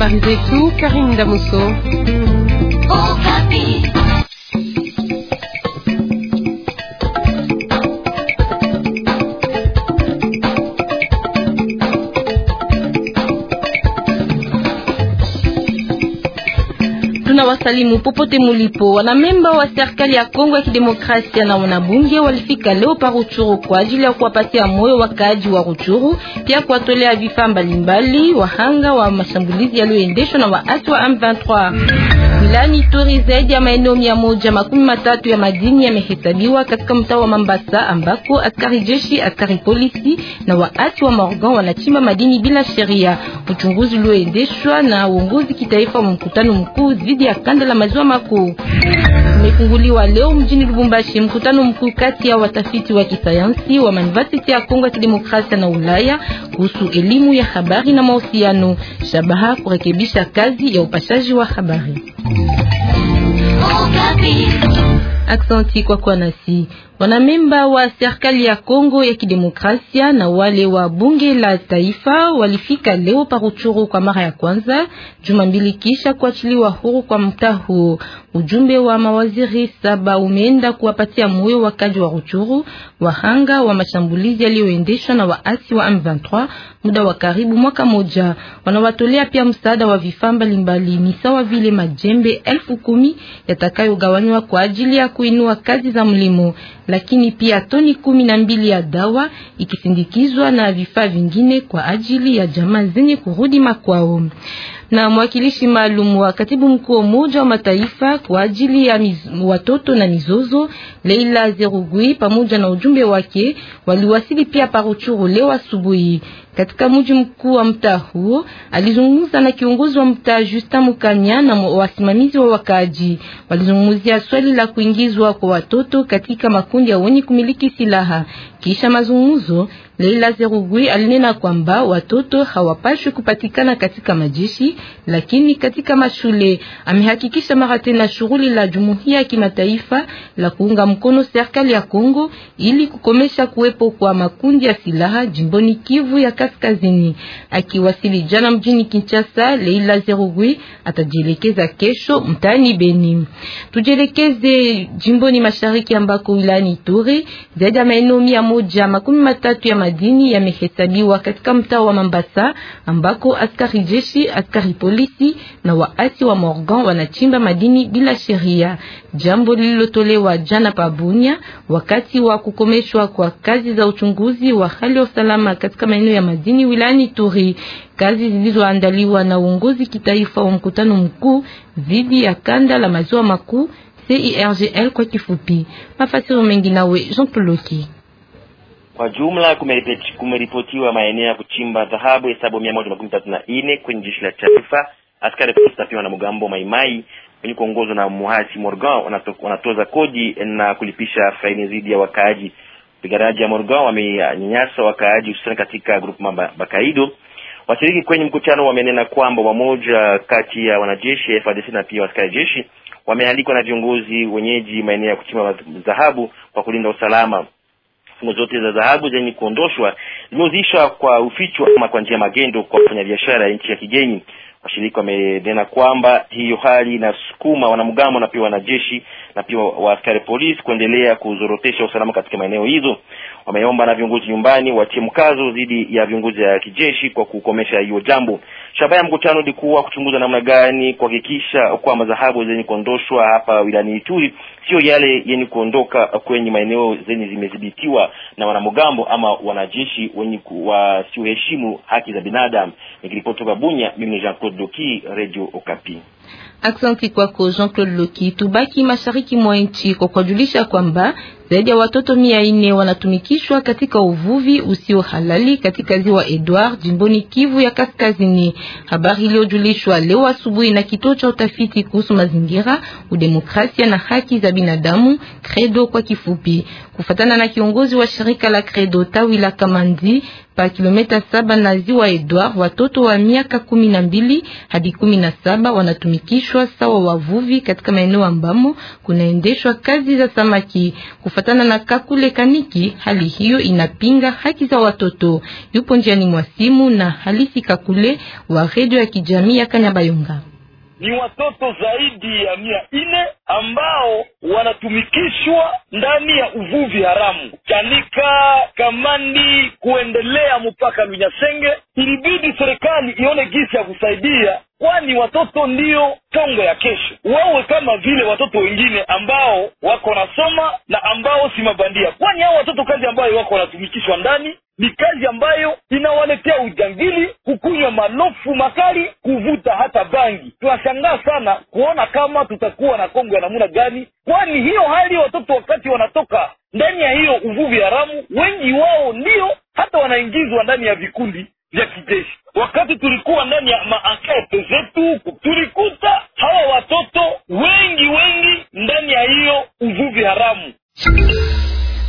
habari zetu Karine Damoso. wasalimu popote mulipo. Wana memba wa serikali ya Kongo ya Kidemokrasia na wanabunge walifika leo pa Ruchuru kwa ajili ya kuwapatia moyo wakaaji wa Ruchuru, pia kuwatolea vifaa mbalimbali wahanga wa mashambulizi yaliyoendeshwa na waasi wa M23. Wilayani Ituri, zaidi ya maeneo mia moja makumi matatu ya madini yamehesabiwa katika mtaa wa Mambasa, ambako askari jeshi, askari polisi na waasi wa Morgan wanachimba madini bila sheria. Uchunguzi ulioendeshwa na uongozi kitaifa wa mkutano mkuu dhidi ya kanda la maziwa makuu mefunguliwa leo mjini Lubumbashi mkutano mkuu kati ya watafiti wa kisayansi wa University ya Kongo ya Kidemokrasia na Ulaya kuhusu elimu ya habari na mahusiano, shabaha kurekebisha kazi ya upashaji wa habari. Oh, Aksanti kwa kuwa nasi. Wanamemba wa serikali ya Kongo ya Kidemokrasia na wale wa bunge la taifa walifika leo paruchuru kwa mara ya kwanza juma mbili kisha kuachiliwa huru kwa mtaa huo. Ujumbe wa mawaziri saba umeenda kuwapatia moyo wakaji wa Ruchuru, wahanga wa mashambulizi yaliyoendeshwa na waasi wa M23 muda wa karibu mwaka moja. Wanawatolea pia msaada wa vifaa mbalimbali, ni sawa vile majembe elfu kumi yatakayogawanywa kwa ajili ya kuinua kazi za mlimo lakini pia toni kumi na mbili ya dawa ikisindikizwa na vifaa vingine kwa ajili ya jamaa zenye kurudi makwao na mwakilishi maalum wa katibu mkuu wa Umoja wa Mataifa kwa ajili ya miz, watoto na mizozo Leila Zerugui pamoja na ujumbe wake waliwasili pia Paruchuru leo asubuhi katika mji mkuu wa mtaa huo. Alizungumza na kiongozi wa mtaa Justin Mukanya na wasimamizi wa wakaaji, walizungumzia swali la kuingizwa kwa watoto katika makundi ya wenye kumiliki silaha. Kisha mazungumzo, Leila Zerugui alinena kwamba watoto hawapashwi kupatikana katika majeshi, lakini katika mashule. Amehakikisha mara tena shughuli la jumuiya ya kimataifa la kuunga mkono serikali ya Kongo ili kukomesha kuwepo kwa makundi ya silaha jimboni Kivu ya kati. Kaskazini. Akiwasili jana mjini Kinshasa, Leila Zerugui atajielekeza kesho mtaani Beni. Tujielekeze jimboni mashariki ambako wilayani Ituri zaidi ya maeneo mia moja makumi matatu ya madini yamehesabiwa katika mtaa wa Mambasa ambako askari jeshi, askari polisi na waasi wa Morgan wanachimba madini bila sheria, jambo lililotolewa jana Pabunia wakati wa kukomeshwa kwa kazi za uchunguzi wa hali ya usalama katika maeneo ya madini madini wilayani tori kazi zilizoandaliwa na uongozi kitaifa wa mkutano mkuu dhidi ya kanda la maziwa makuu CIRGL e kwa kifupi. Mafasiro mengi nawe Jean Toloki. Kwa jumla kumeripotiwa maeneo ya kuchimba dhahabu hesabu mia moja makumi tatu na nne kwenye jeshi la taifa. Askari polisi pia mgambo Maimai wenye kuongozwa na Muhasi Morgan wanatoza kodi na kulipisha faini dhidi ya wakaaji. Wapiganaji wa Morgan wamenyanyasa wakaaji hususani katika grupu Bakaido. Washiriki kwenye mkutano wamenena kwamba wamoja kati ya wanajeshi FARDC na pia askari jeshi wamealikwa na viongozi wenyeji maeneo ya kuchimba dhahabu kwa kulinda usalama. Fungo zote za dhahabu zenye kuondoshwa zimeuzishwa kwa ufichwa ama kwa njia magendo kwa wafanyabiashara ya nchi ya kigeni. Washirika wamenena kwamba hiyo hali inasukuma wanamgambo na pia wanajeshi na pia waaskari polisi kuendelea kuzorotesha usalama katika maeneo hizo. Wameomba na viongozi nyumbani watie mkazo dhidi ya viongozi ya kijeshi kwa kukomesha hiyo jambo. Shabaha ya mkutano ilikuwa kuchunguza namna gani kuhakikisha kwa madhahabu zenye kuondoshwa hapa wilani Ituri sio yale yenye kuondoka kwenye maeneo zenye zimedhibitiwa na wanamgambo ama wanajeshi wenye wasioheshimu haki za binadamu. Nikiripoti kutoka Bunya, mimi ni Jean Claude Doki, Radio Okapi. Aksanti kwako Jean-Claude Loki. Tubaki mashariki mwa nchi kwa kujulisha kwamba zaidi ya watoto mia ine wanatumikishwa katika uvuvi usio halali katika ziwa Edward jimboni Kivu ya Kaskazini. Habari iliyojulishwa leo asubuhi na kituo cha utafiti kuhusu mazingira, udemokrasia na haki za binadamu, Credo kwa kifupi. Kufatana na kiongozi wa shirika la Credo tawi la Kamandi, pa kilomita saba na ziwa Edward, watoto wa miaka kumi na mbili hadi kumi na saba wanatumikishwa kuhamishwa sawa wavuvi katika maeneo ambamo kunaendeshwa kazi za samaki. Kufatana na Kakule Kaniki, hali hiyo inapinga haki za watoto. Yupo njiani mwa simu na Halisi Kakule wa redio ya kijamii ya Kanyabayonga ni watoto zaidi ya mia nne ambao wanatumikishwa ndani ya uvuvi haramu Chanika, Kamandi, kuendelea mpaka Lunyasenge. Ilibidi serikali ione gisi ya kusaidia, kwani watoto ndiyo tongo ya kesho. Wawe kama vile watoto wengine ambao wako nasoma na ambao si mabandia, kwani hao watoto kazi ambayo wako wanatumikishwa ndani ni kazi ambayo inawaletea ujangili, kukunywa malofu makali tunashangaa sana kuona kama tutakuwa na Kongo ya namna gani, kwani hiyo hali watoto wakati wanatoka ndani ya hiyo uvuvi haramu, wengi wao ndio hata wanaingizwa ndani ya vikundi vya kijeshi. Wakati tulikuwa ndani ya maankete zetu tulikuta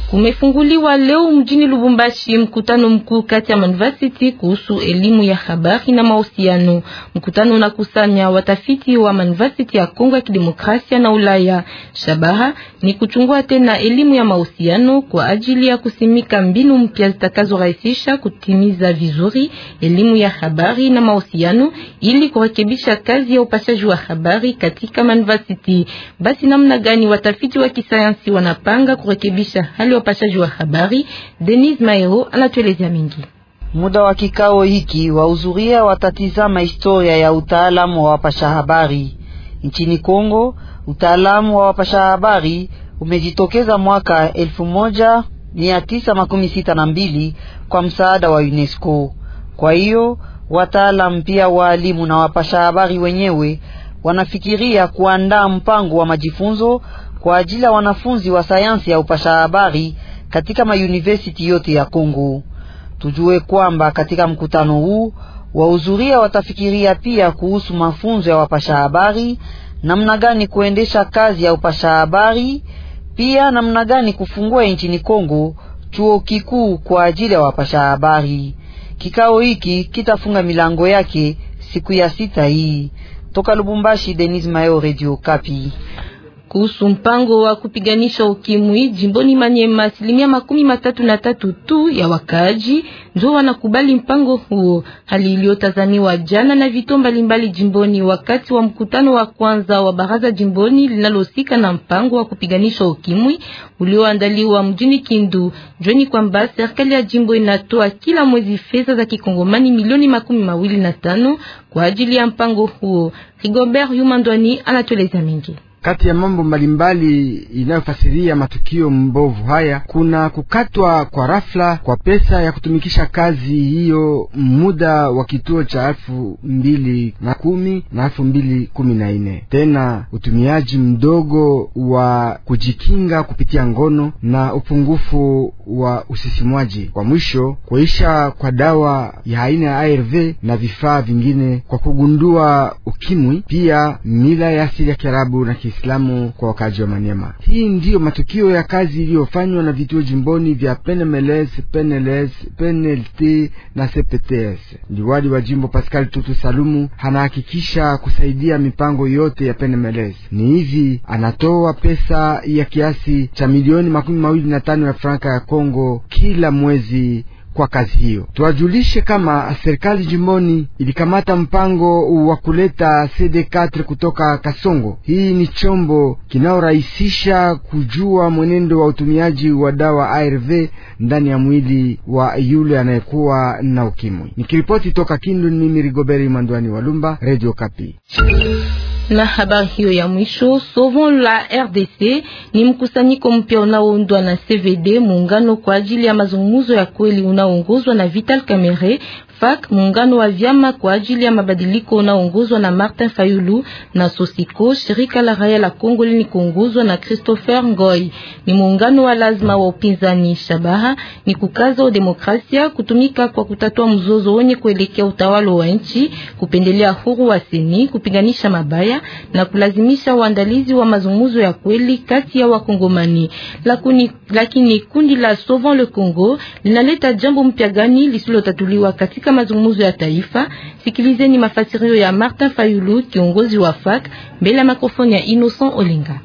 Kumefunguliwa leo mjini Lubumbashi mkutano mkuu kati ya university kuhusu elimu ya habari na mahusiano. Mkutano unakusanya watafiti wa university ya Kongo ya Kidemokrasia na Ulaya. Shabaha ni kuchungua tena elimu ya mahusiano kwa ajili ya kusimika mbinu mpya zitakazorahisisha kutimiza vizuri elimu ya habari na mahusiano ili kurekebisha kazi ya upashaji wa habari katika university. Basi namna gani watafiti wa kisayansi wanapanga kurekebisha hali upashaji wa habari Denise Maero anatuelezea mingi. Muda wa kikao hiki wahudhuria watatizama historia ya utaalamu wa wapasha habari nchini Kongo. Utaalamu wa wapasha habari umejitokeza mwaka elfu moja mia tisa makumi sita na mbili kwa msaada wa UNESCO. Kwa hiyo wataalamu pia waalimu na wapasha habari wenyewe wanafikiria kuandaa mpango wa majifunzo kwa ajili ya wanafunzi wa sayansi ya upasha habari katika mayunivesiti yote ya Kongo. Tujue kwamba katika mkutano huu wahudhuria watafikiria pia kuhusu mafunzo ya wapasha habari, namna gani kuendesha kazi ya upasha habari, pia namna gani kufungua nchini Kongo chuo kikuu kwa ajili ya wapasha habari. Kikao hiki kitafunga milango yake siku ya sita hii. Toka Lubumbashi, Denis Mayo, Radio Kapi kuhusu mpango wa kupiganisha ukimwi jimboni Manyema, asilimia makumi matatu na tatu tu ya wakaaji ndio wanakubali mpango huo, hali iliyotazamiwa jana na vituo mbalimbali jimboni wakati wa mkutano wa kwanza wa baraza jimboni linalohusika na mpango wa kupiganisha ukimwi ulioandaliwa mjini Kindu. Jueni kwamba serikali ya jimbo inatoa kila mwezi fedha za kikongomani milioni makumi mawili na tano kwa ajili ya mpango huo. Rigobert Yumandwani anatueleza mengi. Kati ya mambo mbalimbali inayofasiria matukio mbovu haya kuna kukatwa kwa rafla kwa pesa ya kutumikisha kazi hiyo muda wa kituo cha elfu mbili na kumi na elfu mbili kumi na nne tena utumiaji mdogo wa kujikinga kupitia ngono na upungufu wa usisimwaji. Kwa mwisho, kuisha kwa dawa ya aina ya ARV na vifaa vingine kwa kugundua ukimwi, pia mila ya asili ya Kiarabu na Kiislamu kwa wakazi wa Maniema. Hii ndiyo matukio ya kazi iliyofanywa na vituo jimboni vya PNMLS, PNLS, PNLT na CPTS. Liwali wa jimbo Pascal Tutu Salumu anahakikisha kusaidia mipango yote ya PNMLS. Ni hivi anatoa pesa ya kiasi cha milioni makumi mawili na tano ya franka ya Kongo kila mwezi kwa kazi hiyo. Tuwajulishe kama serikali jimoni ilikamata mpango wa kuleta CD4 kutoka Kasongo. Hii ni chombo kinayorahisisha kujua mwenendo wa utumiaji wa dawa ARV ndani ya mwili wa yule anayekuwa na ukimwi. Nikiripoti toka Kindu, mimi Rigoberi Mandwani Walumba, Radio Kapi. Na habari hiyo ya mwisho, Sauvons la RDC ni mkusanyiko mpya unaoundwa na CVD, muungano kwa ajili ya mazungumzo ya kweli unaoongozwa na Vital Kamerhe FAK, muungano wa vyama kwa ajili ya mabadiliko unaongozwa na Martin Fayulu na Sosiko, shirika la raia la Kongo lini kuongozwa na Christopher Ngoi. Ni muungano wa lazima wa upinzani. Shabaha ni kukaza demokrasia, kutumika kwa kutatua mzozo wenye kuelekea utawala wa nchi, kupendelea huru wa seni, kupinganisha mabaya na kulazimisha uandalizi wa mazungumzo ya kweli kati ya Wakongomani. Lakini, lakini kundi la Sauvons le Congo linaleta jambo mpya gani lisilotatuliwa katika katika mazungumzo ya taifa. Sikilizeni mafasirio ya Martin Fayulu, kiongozi wa FAC, mbele ya mikrofoni ya Innocent Olinga.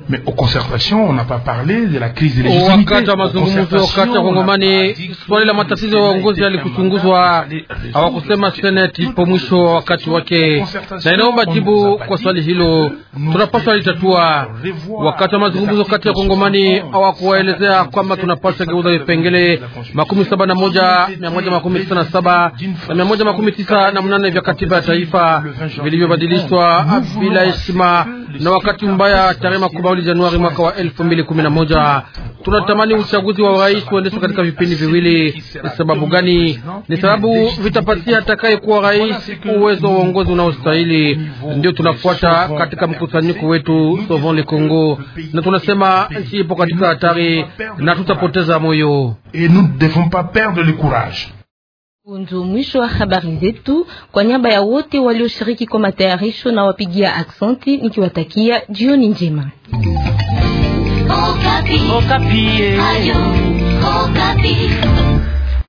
Wakati wa mazungumzo kati ya Kongomani, swali la matatizo ya uongozi yalikuchunguzwa, hawakusema seneti ipo mwisho wa wakati wake, na inaomba jibu kwa swali hilo, tunapaswa litatua. Wakati wa mazungumzo kati ya Kongomani hawakuwaelezea kwamba tunapaswa geuza vipengele makumi saba na moja mia moja makumi tisa na saba mia moja makumi tisa na mnane vya katiba ya taifa vilivyobadilishwa bila heshima na wakati mbaya tarehe makumi mawili Januari mwaka wa elfu mbili kumi na moja. Tunatamani uchaguzi wa urais uendeshwe katika vipindi viwili. Sababu gani? Ni sababu vitapatia atakaye kuwa rais uwezo wa uongozi unaostahili. Ndio tunafuata katika mkusanyiko wetu Sovon le Congo, na tunasema nchi ipo katika hatari na tutapoteza moyo. Unjo mwisho wa habari zetu. Kwa niaba ya wote walioshiriki kwa matayarisho na wapigia aksenti, nikiwatakia jioni njema. Okapi. Okapi. Okapi.